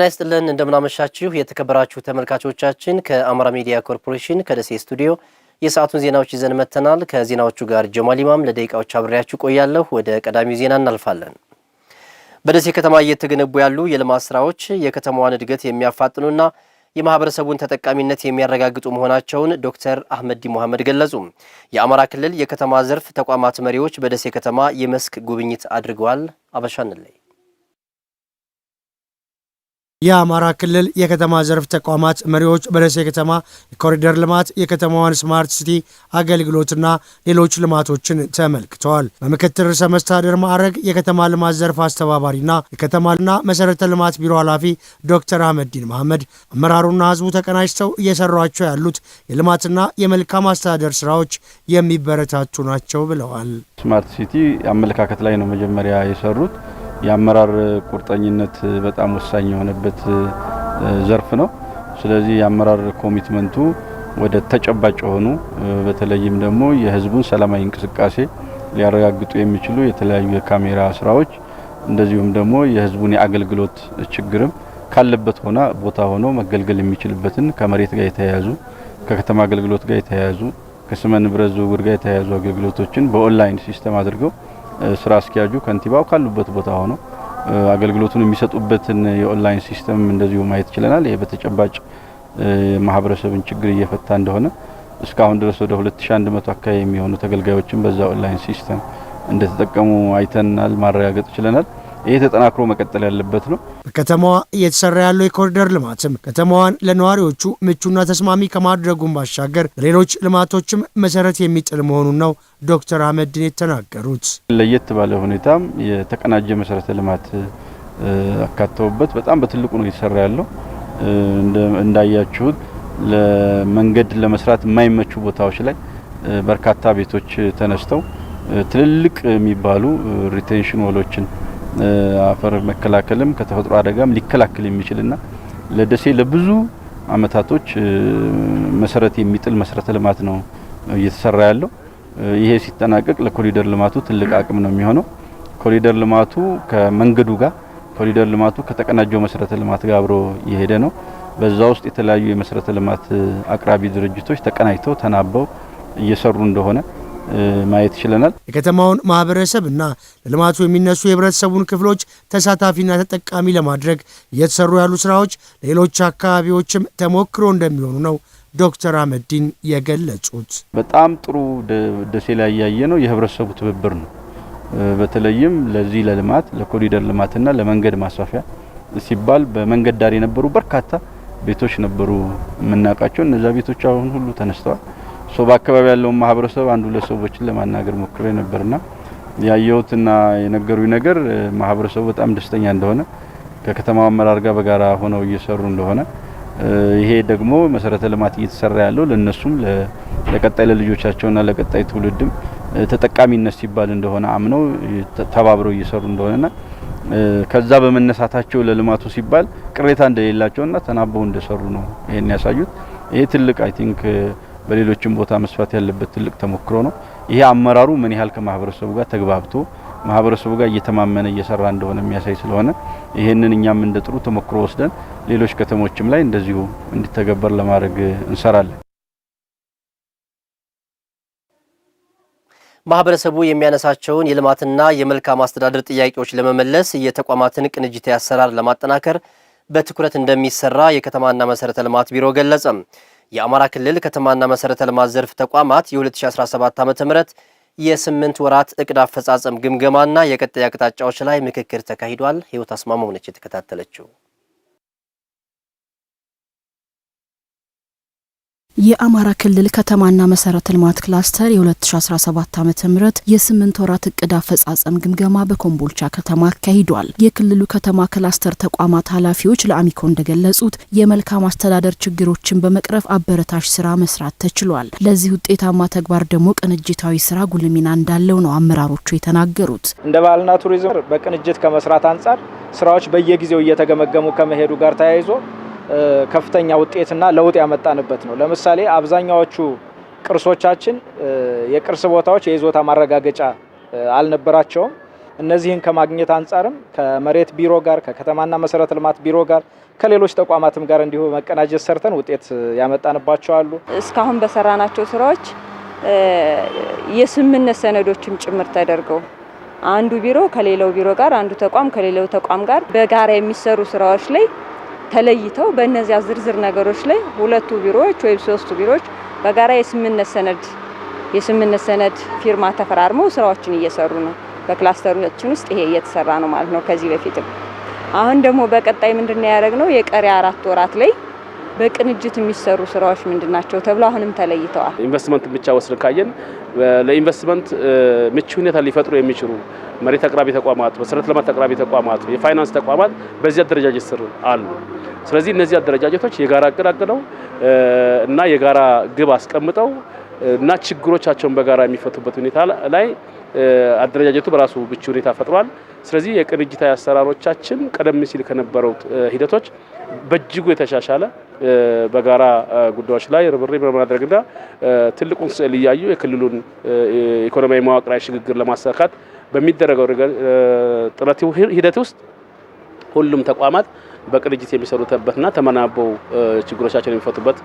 ጤና ይስጥልን እንደምናመሻችሁ የተከበራችሁ ተመልካቾቻችን፣ ከአማራ ሚዲያ ኮርፖሬሽን ከደሴ ስቱዲዮ የሰዓቱን ዜናዎች ይዘን መጥተናል። ከዜናዎቹ ጋር ጀማሊማም ለደቂቃዎች አብሬያችሁ ቆያለሁ። ወደ ቀዳሚው ዜና እናልፋለን። በደሴ ከተማ እየተገነቡ ያሉ የልማት ስራዎች የከተማዋን እድገት የሚያፋጥኑና የማህበረሰቡን ተጠቃሚነት የሚያረጋግጡ መሆናቸውን ዶክተር አህመዲ ሙሐመድ ገለጹ። የአማራ ክልል የከተማ ዘርፍ ተቋማት መሪዎች በደሴ ከተማ የመስክ ጉብኝት አድርገዋል። አበሻንለይ የአማራ ክልል የከተማ ዘርፍ ተቋማት መሪዎች በደሴ ከተማ የኮሪደር ልማት የከተማዋን ስማርት ሲቲ አገልግሎትና ሌሎች ልማቶችን ተመልክተዋል። በምክትል ርዕሰ መስተዳድር ማዕረግ የከተማ ልማት ዘርፍ አስተባባሪና የከተማና መሰረተ ልማት ቢሮ ኃላፊ ዶክተር አህመዲን መሐመድ አመራሩና ህዝቡ ተቀናጅተው እየሰሯቸው ያሉት የልማትና የመልካም አስተዳደር ስራዎች የሚበረታቱ ናቸው ብለዋል። ስማርት ሲቲ አመለካከት ላይ ነው መጀመሪያ የሰሩት የአመራር ቁርጠኝነት በጣም ወሳኝ የሆነበት ዘርፍ ነው። ስለዚህ የአመራር ኮሚትመንቱ ወደ ተጨባጭ የሆኑ በተለይም ደግሞ የህዝቡን ሰላማዊ እንቅስቃሴ ሊያረጋግጡ የሚችሉ የተለያዩ የካሜራ ስራዎች እንደዚሁም ደግሞ የህዝቡን የአገልግሎት ችግርም ካለበት ሆና ቦታ ሆኖ መገልገል የሚችልበትን ከመሬት ጋር የተያያዙ ከከተማ አገልግሎት ጋር የተያያዙ ከስመ ንብረት ዝውውር ጋር የተያያዙ አገልግሎቶችን በኦንላይን ሲስተም አድርገው ስራ አስኪያጁ ከንቲባው ካሉበት ቦታ ሆነው አገልግሎቱን የሚሰጡበትን የኦንላይን ሲስተም እንደዚሁ ማየት ችለናል። ይሄ በተጨባጭ የማህበረሰብን ችግር እየፈታ እንደሆነ እስካሁን ድረስ ወደ 2100 አካባቢ የሚሆኑ ተገልጋዮችን በዛ ኦንላይን ሲስተም እንደተጠቀሙ አይተናል፣ ማረጋገጥ ችለናል። ይህ ተጠናክሮ መቀጠል ያለበት ነው። በከተማዋ እየተሰራ ያለው የኮሪደር ልማትም ከተማዋን ለነዋሪዎቹ ምቹና ተስማሚ ከማድረጉን ባሻገር ሌሎች ልማቶችም መሰረት የሚጥል መሆኑን ነው ዶክተር አህመድን የተናገሩት። ለየት ባለ ሁኔታም የተቀናጀ መሰረተ ልማት አካተውበት በጣም በትልቁ ነው እየተሰራ ያለው። እንዳያችሁት ለመንገድ ለመስራት የማይመቹ ቦታዎች ላይ በርካታ ቤቶች ተነስተው ትልልቅ የሚባሉ ሪቴንሽን ወሎችን አፈር መከላከልም ከተፈጥሮ አደጋም ሊከላከል የሚችልና ለደሴ ለብዙ አመታቶች መሰረት የሚጥል መሰረተ ልማት ነው እየተሰራ ያለው። ይሄ ሲጠናቀቅ ለኮሪደር ልማቱ ትልቅ አቅም ነው የሚሆነው። ኮሪደር ልማቱ ከመንገዱ ጋር ኮሪደር ልማቱ ከተቀናጀው መሰረተ ልማት ጋር አብሮ የሄደ ነው። በዛ ውስጥ የተለያዩ የመሰረተ ልማት አቅራቢ ድርጅቶች ተቀናጅተው ተናበው እየሰሩ እንደሆነ ማየት ችለናል። የከተማውን ማህበረሰብና ለልማቱ የሚነሱ የህብረተሰቡን ክፍሎች ተሳታፊና ተጠቃሚ ለማድረግ እየተሰሩ ያሉ ስራዎች ሌሎች አካባቢዎችም ተሞክሮ እንደሚሆኑ ነው ዶክተር አህመዲን የገለጹት። በጣም ጥሩ ደሴ ላይ ያየ ነው የህብረተሰቡ ትብብር ነው። በተለይም ለዚህ ለልማት ለኮሪደር ልማትና ለመንገድ ማስፋፊያ ሲባል በመንገድ ዳር የነበሩ በርካታ ቤቶች ነበሩ የምናውቃቸው። እነዚያ ቤቶች አሁን ሁሉ ተነስተዋል። ሶ በአካባቢ ያለውን ማህበረሰብ አንድ ሁለት ሰዎችን ለማናገር ሞክሬ ነበርና ያየሁትና የነገሩኝ ነገር ማህበረሰቡ በጣም ደስተኛ እንደሆነ ከከተማው አመራር ጋር በጋራ ሆነው እየሰሩ እንደሆነ ይሄ ደግሞ መሰረተ ልማት እየተሰራ ያለው ለነሱም ለቀጣይ ለልጆቻቸውና ለቀጣይ ትውልድም ተጠቃሚነት ሲባል እንደሆነ አምነው ተባብረው እየሰሩ እንደሆነና ከዛ በመነሳታቸው ለልማቱ ሲባል ቅሬታ እንደሌላቸውና ተናበው እንደሰሩ ነው ይሄን ያሳዩት። ይሄ ትልቅ አይ ቲንክ በሌሎችም ቦታ መስፋት ያለበት ትልቅ ተሞክሮ ነው። ይሄ አመራሩ ምን ያህል ከማህበረሰቡ ጋር ተግባብቶ ማህበረሰቡ ጋር እየተማመነ እየሰራ እንደሆነ የሚያሳይ ስለሆነ ይሄንን እኛም እንደ ጥሩ ተሞክሮ ወስደን ሌሎች ከተሞችም ላይ እንደዚሁ እንዲተገበር ለማድረግ እንሰራለን። ማህበረሰቡ የሚያነሳቸውን የልማትና የመልካም አስተዳደር ጥያቄዎች ለመመለስ የተቋማትን ቅንጅታዊ አሰራር ለማጠናከር በትኩረት እንደሚሰራ የከተማና መሰረተ ልማት ቢሮ ገለጸም። የአማራ ክልል ከተማና መሰረተ ልማት ዘርፍ ተቋማት የ2017 ዓ ም የስምንት ወራት እቅድ አፈጻጸም ግምገማና የቀጣይ አቅጣጫዎች ላይ ምክክር ተካሂዷል። ህይወት አስማማው ነች የተከታተለችው። የአማራ ክልል ከተማና መሰረተ ልማት ክላስተር የ2017 ዓ ም የስምንት ወራት እቅድ አፈጻጸም ግምገማ በኮምቦልቻ ከተማ አካሂዷል። የክልሉ ከተማ ክላስተር ተቋማት ኃላፊዎች ለአሚኮ እንደገለጹት የመልካም አስተዳደር ችግሮችን በመቅረፍ አበረታሽ ስራ መስራት ተችሏል። ለዚህ ውጤታማ ተግባር ደግሞ ቅንጅታዊ ስራ ጉልህ ሚና እንዳለው ነው አመራሮቹ የተናገሩት። እንደ ባህልና ቱሪዝም በቅንጅት ከመስራት አንጻር ስራዎች በየጊዜው እየተገመገሙ ከመሄዱ ጋር ተያይዞ ከፍተኛ ውጤትና ለውጥ ያመጣንበት ነው። ለምሳሌ አብዛኛዎቹ ቅርሶቻችን የቅርስ ቦታዎች የይዞታ ማረጋገጫ አልነበራቸውም። እነዚህን ከማግኘት አንጻርም ከመሬት ቢሮ ጋር ከከተማና መሰረተ ልማት ቢሮ ጋር ከሌሎች ተቋማትም ጋር እንዲሁ መቀናጀት ሰርተን ውጤት ያመጣንባቸው አሉ። እስካሁን በሰራናቸው ስራዎች የስምምነት ሰነዶችም ጭምር ተደርገው አንዱ ቢሮ ከሌላው ቢሮ ጋር፣ አንዱ ተቋም ከሌላው ተቋም ጋር በጋራ የሚሰሩ ስራዎች ላይ ተለይተው በእነዚያ ዝርዝር ነገሮች ላይ ሁለቱ ቢሮዎች ወይም ሶስቱ ቢሮዎች በጋራ የስምምነት ሰነድ የስምምነት ሰነድ ፊርማ ተፈራርመው ስራዎችን እየሰሩ ነው። በክላስተሮችን ውስጥ ይሄ እየተሰራ ነው ማለት ነው። ከዚህ በፊትም አሁን ደግሞ በቀጣይ ምንድን ነው ያደረግነው የቀሪ አራት ወራት ላይ በቅንጅት የሚሰሩ ስራዎች ምንድን ናቸው ተብሎ አሁንም ተለይተዋል። ኢንቨስትመንት ብቻ ወስደን ካየን ለኢንቨስትመንት ምቹ ሁኔታ ሊፈጥሩ የሚችሉ መሬት አቅራቢ ተቋማት፣ መሰረተ ልማት አቅራቢ ተቋማት፣ የፋይናንስ ተቋማት በዚህ አደረጃጀት ስር አሉ። ስለዚህ እነዚህ አደረጃጀቶች የጋራ እቅድ አቅደው እና የጋራ ግብ አስቀምጠው እና ችግሮቻቸውን በጋራ የሚፈቱበት ሁኔታ ላይ አደረጃጀቱ በራሱ ምቹ ሁኔታ ፈጥሯል። ስለዚህ የቅንጅታዊ አሰራሮቻችን ቀደም ሲል ከነበረው ሂደቶች በእጅጉ የተሻሻለ በጋራ ጉዳዮች ላይ ርብርብ በማድረግና ትልቁን ስዕል እያዩ የክልሉን ኢኮኖሚያዊ መዋቅራዊ ሽግግር ለማሳካት በሚደረገው ጥረት ሂደት ውስጥ ሁሉም ተቋማት በቅንጅት የሚሰሩበትና ተመናበው ችግሮቻቸውን የሚፈቱበት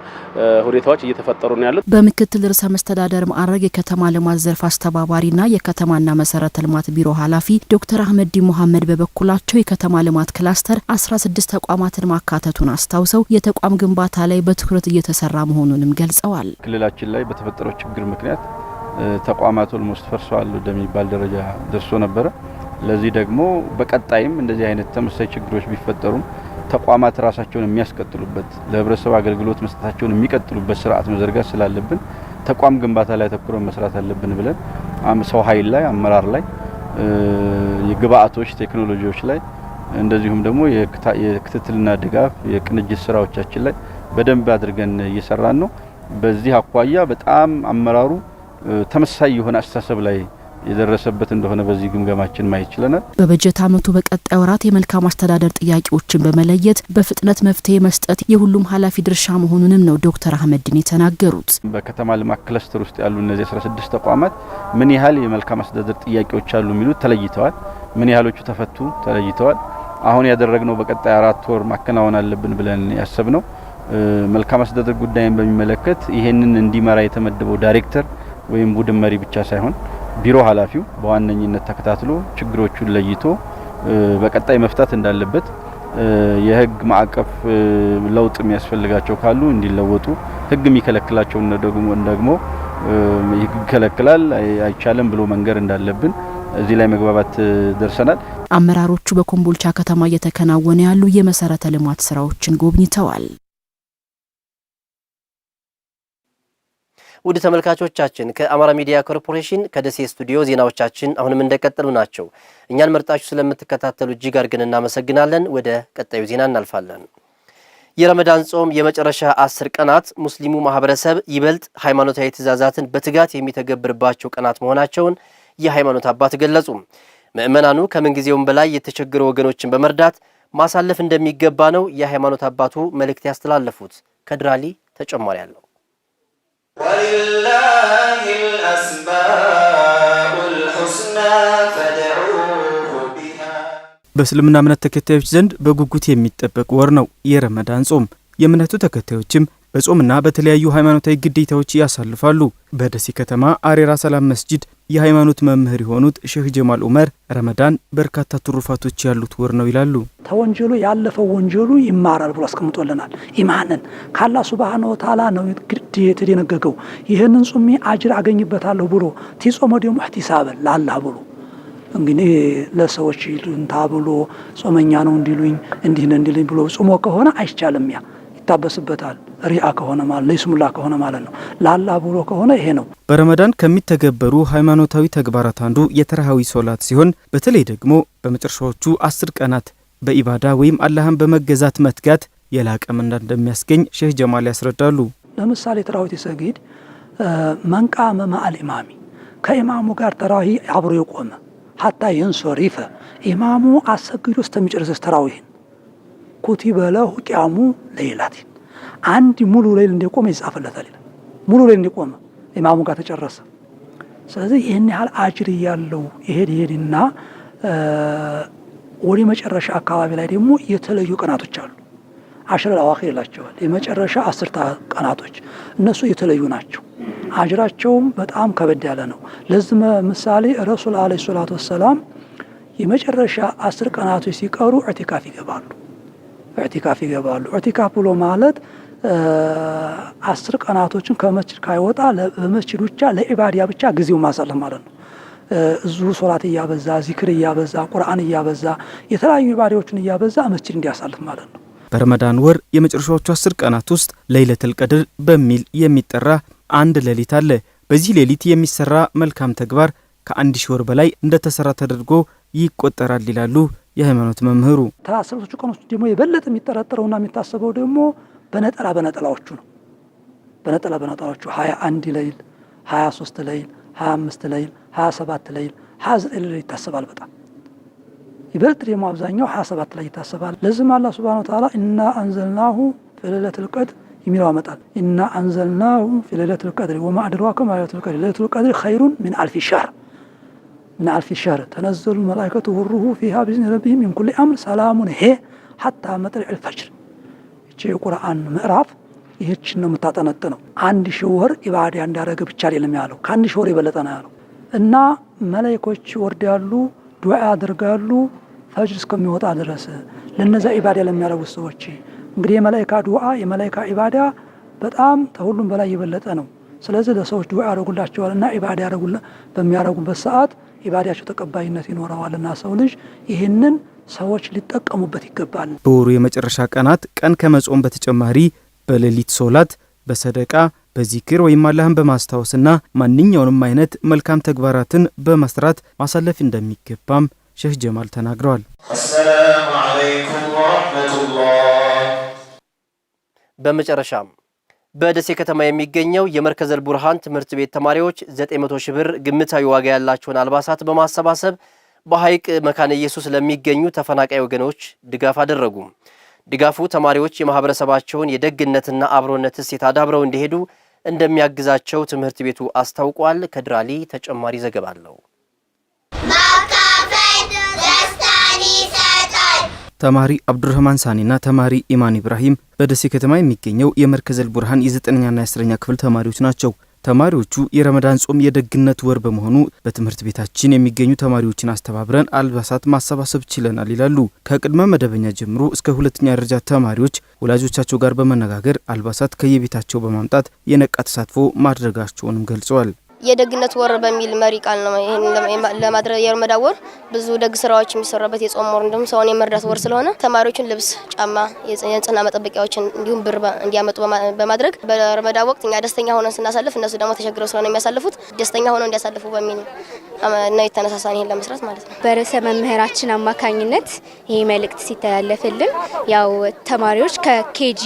ሁኔታዎች እየተፈጠሩ ነው ያሉት በምክትል ርዕሰ መስተዳደር ማዕረግ የከተማ ልማት ዘርፍ አስተባባሪና የከተማና መሰረተ ልማት ቢሮ ኃላፊ ዶክተር አህመዲ ሙሐመድ በበኩላቸው የከተማ ልማት ክላስተር ስድስት ተቋማትን ማካተቱን አስታውሰው የተቋም ግንባታ ላይ በትኩረት እየተሰራ መሆኑንም ገልጸዋል። ክልላችን ላይ በተፈጠረው ችግር ምክንያት ተቋማት ኦልሞስት ፈርሰዋል ወደሚባል ደረጃ ደርሶ ነበረ። ለዚህ ደግሞ በቀጣይም እንደዚህ አይነት ተመሳሳይ ችግሮች ቢፈጠሩም ተቋማት ራሳቸውን የሚያስቀጥሉበት ለህብረተሰብ አገልግሎት መስጠታቸውን የሚቀጥሉበት ስርዓት መዘርጋት ስላለብን ተቋም ግንባታ ላይ ተኩሮ መስራት አለብን ብለን ሰው ኃይል ላይ፣ አመራር ላይ፣ የግብአቶች ቴክኖሎጂዎች ላይ እንደዚሁም ደግሞ የክትትልና ድጋፍ የቅንጅት ስራዎቻችን ላይ በደንብ አድርገን እየሰራን ነው። በዚህ አኳያ በጣም አመራሩ ተመሳሳይ የሆነ አስተሳሰብ ላይ የደረሰበት እንደሆነ በዚህ ግምገማችን ማየት ችለናል። በበጀት ዓመቱ በቀጣይ ወራት የመልካም አስተዳደር ጥያቄዎችን በመለየት በፍጥነት መፍትሄ መስጠት የሁሉም ኃላፊ ድርሻ መሆኑንም ነው ዶክተር አህመድን የተናገሩት። በከተማ ልማት ክለስተር ውስጥ ያሉ እነዚህ 16 ተቋማት ምን ያህል የመልካም አስተዳደር ጥያቄዎች አሉ የሚሉት ተለይተዋል። ምን ያህሎቹ ተፈቱ ተለይተዋል። አሁን ያደረግነው በቀጣይ አራት ወር ማከናወን አለብን ብለን ያሰብነው መልካም አስተዳደር ጉዳይን በሚመለከት ይሄንን እንዲመራ የተመደበው ዳይሬክተር ወይም ቡድን መሪ ብቻ ሳይሆን ቢሮ ኃላፊው በዋነኝነት ተከታትሎ ችግሮቹን ለይቶ በቀጣይ መፍታት እንዳለበት የህግ ማዕቀፍ ለውጥ የሚያስፈልጋቸው ካሉ እንዲለወጡ ህግ የሚከለክላቸውን ደግሞ ህግ ይከለክላል አይቻልም ብሎ መንገር እንዳለብን እዚህ ላይ መግባባት ደርሰናል። አመራሮቹ በኮምቦልቻ ከተማ እየተከናወነ ያሉ የመሰረተ ልማት ስራዎችን ጎብኝተዋል። ውድ ተመልካቾቻችን ከአማራ ሚዲያ ኮርፖሬሽን ከደሴ ስቱዲዮ ዜናዎቻችን አሁንም እንደቀጠሉ ናቸው። እኛን መርጣችሁ ስለምትከታተሉ እጅግ አድርገን እናመሰግናለን። ወደ ቀጣዩ ዜና እናልፋለን። የረመዳን ጾም የመጨረሻ አስር ቀናት ሙስሊሙ ማህበረሰብ ይበልጥ ሃይማኖታዊ ትእዛዛትን በትጋት የሚተገብርባቸው ቀናት መሆናቸውን የሃይማኖት አባት ገለጹ። ምዕመናኑ ከምንጊዜውም በላይ የተቸገሩ ወገኖችን በመርዳት ማሳለፍ እንደሚገባ ነው የሃይማኖት አባቱ መልእክት ያስተላለፉት። ከድራሊ ተጨማሪ አለው። በእስልምና እምነት ተከታዮች ዘንድ በጉጉት የሚጠበቅ ወር ነው የረመዳን ጾም። የእምነቱ ተከታዮችም በጾምና በተለያዩ ሃይማኖታዊ ግዴታዎች ያሳልፋሉ። በደሴ ከተማ አሬራ ሰላም መስጂድ የሃይማኖት መምህር የሆኑት ሼህ ጀማል ኡመር ረመዳን በርካታ ትሩፋቶች ያሉት ወር ነው ይላሉ። ተወንጀሉ ያለፈው ወንጀሉ ይማራል ብሎ አስቀምጦልናል። ኢማንን ካላ ሱብሃነ ወተዓላ ነው የተደነገገው። ይህንን ጹሚ አጅር አገኝበታለሁ ብሎ ቲጾመ ደግሞ ኢሕቲሳበን ላላህ ብሎ እንግዲህ ለሰዎች ይሉንታ ብሎ ጾመኛ ነው እንዲሉኝ እንዲህ እንዲልኝ ብሎ ጾሞ ከሆነ አይቻልም፣ ያ ይታበስበታል። ሪአ ከሆነ ማለት ነው፣ ይስሙላ ከሆነ ማለት ነው። ላላ ብሎ ከሆነ ይሄ ነው። በረመዳን ከሚተገበሩ ሃይማኖታዊ ተግባራት አንዱ የተራሃዊ ሶላት ሲሆን በተለይ ደግሞ በመጨረሻዎቹ አስር ቀናት በኢባዳ ወይም አላህን በመገዛት መትጋት የላቀ ምንዳ እንደሚያስገኝ ሼህ ጀማል ያስረዳሉ። ለምሳሌ ተራዊት ሰጊድ መንቃመ መአል ኢማሚ ከኢማሙ ጋር ተራዊ አብሮ የቆመ ሀታ የንሶሪፈ ኢማሙ አሰግዶ እስከሚጨርስ ተራዊህን ኩቲበ ለሁ ቂያሙ ለይላቲን አንድ ሙሉ ሌል እንደቆመ ይጻፍለታል። ሙሉ ሌል እንደቆመ ኢማሙ ጋር ተጨረሰ። ስለዚህ ይህን ያህል አጅር ያለው ይሄድ ይሄድና ወደ መጨረሻ አካባቢ ላይ ደግሞ የተለዩ ቀናቶች አሉ። አሽረ አዋኺር ይላቸዋል። የመጨረሻ አስርተ ቀናቶች እነሱ የተለዩ ናቸው። አጅራቸውም በጣም ከበድ ያለ ነው። ለዚህ ምሳሌ ረሱል አለይሂ ሰላቱ ወሰላም የመጨረሻ አስር ቀናቶች ሲቀሩ ኢዕቲካፍ ይገባሉ። ኢዕቲካፍ ይገባሉ። ኢዕቲካፍ ብሎ ማለት አስር ቀናቶችን ከመስጅድ ካይወጣ በመስጅድ ብቻ ለኢባዲያ ብቻ ጊዜው ማሳለፍ ማለት ነው። እዙ ሶላት እያበዛ ዚክር እያበዛ ቁርአን እያበዛ የተለያዩ ኢባዲያዎችን እያበዛ መስጅድ እንዲያሳልፍ ማለት ነው። በረመዳን ወር የመጨረሻዎቹ አስር ቀናት ውስጥ ለይለተል ቀድር በሚል የሚጠራ አንድ ሌሊት አለ። በዚህ ሌሊት የሚሰራ መልካም ተግባር ከአንድ ሺህ ወር በላይ እንደተሰራ ተደርጎ ይቆጠራል ይላሉ የሃይማኖት መምህሩ ታሰብቶቹ ቀኖች ደግሞ የበለጠ የሚጠረጠረውና የሚታሰበው ደግሞ በነጠላ በነጠላዎቹ ነው። በነጠላ በነጠላዎቹ ሀያ አንድ ለይል፣ ሀያ ሶስት ለይል፣ ሀያ አምስት ለይል፣ ሀያ ሰባት ለይል፣ ሀያ ዘጠኝ ለይል ይታሰባል። በጣም ይበልጥ ደግሞ አብዛኛው ሀያ ሰባት ላይ ይታሰባል። ለዚህም አላህ ሱብሃነሁ ወተዓላ እና አንዘልናሁ ፊ ለይለቲል የሚለው አመጣል። እና አንዘልናሁ ፊ ለይለቲል ወማ አድራከ ማ ለይለቱል ቀድር ለይለቱል ኸይሩን ሚን አልፊ ሸህር ምን አልፊ ሸህር ተነዘሉ መላኢከቱ ወሩሁ ፊሃ ቢዝኒ ረቢሂም ሚን ኩሊ አምር ሰላሙን ሄ ሐታ መጥለዕል ፈጅር። ይቺ የቁርአን ምዕራፍ ይህችን ነው የምታጠነጥነው። አንድ ሺህ ወር ኢባዳ እንዳደረገ ብቻ አይደለም ያለው፣ ከአንድ ሺህ ወር የበለጠ ነው ያለው እና መላኢኮች ወርዳሉ፣ ዱዓ ያደርጋሉ ፈጅር እስከሚወጣ ድረስ ለነዛ ኢባዳ ለሚያደርጉት ሰዎች እንግዲህ የመላኢካ ዱዓ የመላኢካ ኢባዳ በጣም ከሁሉም በላይ የበለጠ ነው። ስለዚህ ለሰዎች ዱዓ ያደርጉላቸዋል እና ኢባዳ በሚያደርጉበት ሰዓት ኢባዳቸው ተቀባይነት ይኖረዋልና ሰው ልጅ ይህንን ሰዎች ሊጠቀሙበት ይገባል። በወሩ የመጨረሻ ቀናት ቀን ከመጾም በተጨማሪ በሌሊት ሶላት፣ በሰደቃ፣ በዚክር ወይም አላህን በማስታወስና ማንኛውንም አይነት መልካም ተግባራትን በመስራት ማሳለፍ እንደሚገባም ሼህ ጀማል ተናግረዋል። አሰላሙ አለይኩም ወረሕመቱላህ። በመጨረሻም በደሴ ከተማ የሚገኘው የመርከዘል ቡርሃን ትምህርት ቤት ተማሪዎች 900 ሺህ ብር ግምታዊ ዋጋ ያላቸውን አልባሳት በማሰባሰብ በሐይቅ መካነ ኢየሱስ ለሚገኙ ተፈናቃይ ወገኖች ድጋፍ አደረጉ። ድጋፉ ተማሪዎች የማህበረሰባቸውን የደግነትና አብሮነት እሴት አዳብረው እንዲሄዱ እንደሚያግዛቸው ትምህርት ቤቱ አስታውቋል። ከድራሊ ተጨማሪ ዘገባ አለው። ተማሪ አብዱረህማን ሳኒና ተማሪ ኢማን ኢብራሂም በደሴ ከተማ የሚገኘው የመርከዘል ቡርሃን የዘጠነኛና የአስረኛ ክፍል ተማሪዎች ናቸው። ተማሪዎቹ የረመዳን ጾም የደግነት ወር በመሆኑ በትምህርት ቤታችን የሚገኙ ተማሪዎችን አስተባብረን አልባሳት ማሰባሰብ ችለናል ይላሉ። ከቅድመ መደበኛ ጀምሮ እስከ ሁለተኛ ደረጃ ተማሪዎች ወላጆቻቸው ጋር በመነጋገር አልባሳት ከየቤታቸው በማምጣት የነቃ ተሳትፎ ማድረጋቸውንም ገልጸዋል። የደግነት ወር በሚል መሪ ቃል ነው ይሄን ለማድረግ የረመዳ ወር ብዙ ደግ ስራዎች የሚሰራበት የጾም ወር እንዲሁም ሰውን የመርዳት ወር ስለሆነ ተማሪዎችን ልብስ፣ ጫማ፣ የንጽህና መጠበቂያዎችን እንዲሁም ብር እንዲያመጡ በማድረግ በረመዳ ወቅት እኛ ደስተኛ ሆነን ስናሳልፍ እነሱ ደግሞ ተቸግረው ስለሆነ የሚያሳልፉት ደስተኛ ሆነው እንዲያሳልፉ በሚል ነው የተነሳሳን ይሄን ለመስራት ማለት ነው። በርዕሰ መምህራችን አማካኝነት ይሄ መልእክት ሲተላለፍልን ያው ተማሪዎች ከኬጂ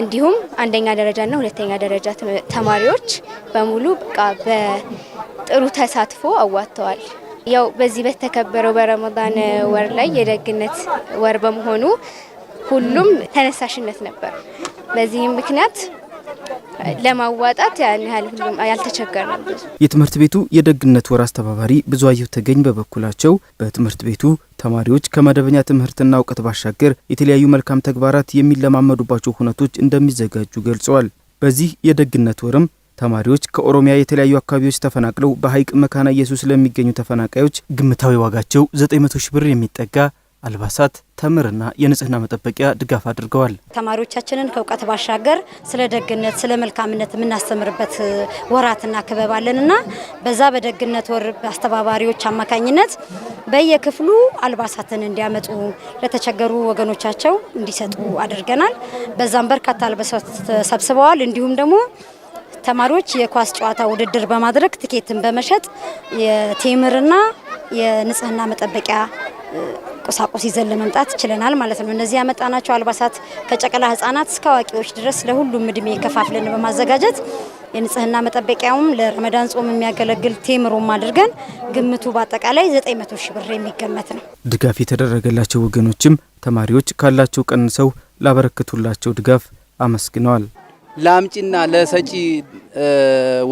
እንዲሁም አንደኛ ደረጃና ሁለተኛ ደረጃ ተማሪዎች በሙሉ በቃ በጥሩ ተሳትፎ አዋጥተዋል። ያው በዚህ በተከበረው በረመዳን ወር ላይ የደግነት ወር በመሆኑ ሁሉም ተነሳሽነት ነበር። በዚህም ምክንያት ለማዋጣት ያን ያህል ሁሉም ያልተቸገረ ነው። የትምህርት ቤቱ የደግነት ወር አስተባባሪ ብዙአየሁ ተገኝ በበኩላቸው በትምህርት ቤቱ ተማሪዎች ከመደበኛ ትምህርትና እውቀት ባሻገር የተለያዩ መልካም ተግባራት የሚለማመዱባቸው ሁነቶች እንደሚዘጋጁ ገልጸዋል። በዚህ የደግነት ወርም ተማሪዎች ከኦሮሚያ የተለያዩ አካባቢዎች ተፈናቅለው በሐይቅ መካና ኢየሱስ ለሚገኙ ተፈናቃዮች ግምታዊ ዋጋቸው 900 ሺህ ብር የሚጠጋ አልባሳት፣ ተምርና የንጽህና መጠበቂያ ድጋፍ አድርገዋል። ተማሪዎቻችንን ከእውቀት ባሻገር ስለ ደግነት፣ ስለ መልካምነት የምናስተምርበት ወራትና ክበብ እና በዛ በደግነት ወር አስተባባሪዎች አማካኝነት በየክፍሉ አልባሳትን እንዲያመጡ ለተቸገሩ ወገኖቻቸው እንዲሰጡ አድርገናል። በዛም በርካታ አልባሳት ተሰብስበዋል። እንዲሁም ደግሞ ተማሪዎች የኳስ ጨዋታ ውድድር በማድረግ ትኬትን በመሸጥ የቴምርና የንጽህና መጠበቂያ ቁሳቁስ ይዘን ለመምጣት ችለናል ማለት ነው። እነዚህ ያመጣናቸው አልባሳት ከጨቅላ ህጻናት እስከ አዋቂዎች ድረስ ለሁሉም እድሜ ከፋፍለን በማዘጋጀት የንጽህና መጠበቂያውም ለረመዳን ጾም የሚያገለግል ቴምሮም አድርገን ግምቱ በአጠቃላይ 900 ሺህ ብር የሚገመት ነው። ድጋፍ የተደረገላቸው ወገኖችም ተማሪዎች ካላቸው ቀንሰው ላበረከቱላቸው ድጋፍ አመስግነዋል። ለአምጪና ለሰጪ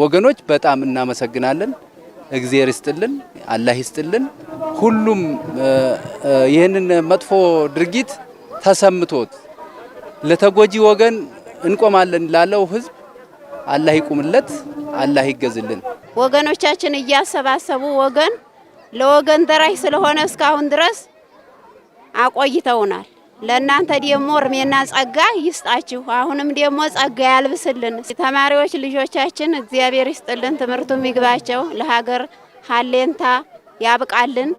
ወገኖች በጣም እናመሰግናለን። እግዜር ይስጥልን፣ አላህ ይስጥልን። ሁሉም ይህንን መጥፎ ድርጊት ተሰምቶት ለተጎጂ ወገን እንቆማለን ላለው ህዝብ አላህ ይቁምለት፣ አላህ ይገዝልን። ወገኖቻችን እያሰባሰቡ ወገን ለወገን ደራሽ ስለሆነ እስካሁን ድረስ አቆይተውናል። ለእናንተ ደግሞ እርሜና ጸጋ ይስጣችሁ። አሁንም ደግሞ ጸጋ ያልብስልን። ተማሪዎች ልጆቻችን እግዚአብሔር ይስጥልን፣ ትምህርቱም ይግባቸው፣ ለሀገር ሀሌንታ ያብቃልን።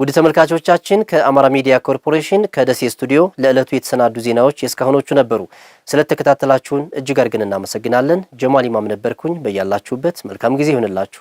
ውድ ተመልካቾቻችን ከአማራ ሚዲያ ኮርፖሬሽን ከደሴ ስቱዲዮ ለዕለቱ የተሰናዱ ዜናዎች የእስካሁኖቹ ነበሩ። ስለተከታተላችሁን እጅግ አድርገን እናመሰግናለን። ጀማል ኢማም ነበርኩኝ። በያላችሁበት መልካም ጊዜ ይሆንላችሁ።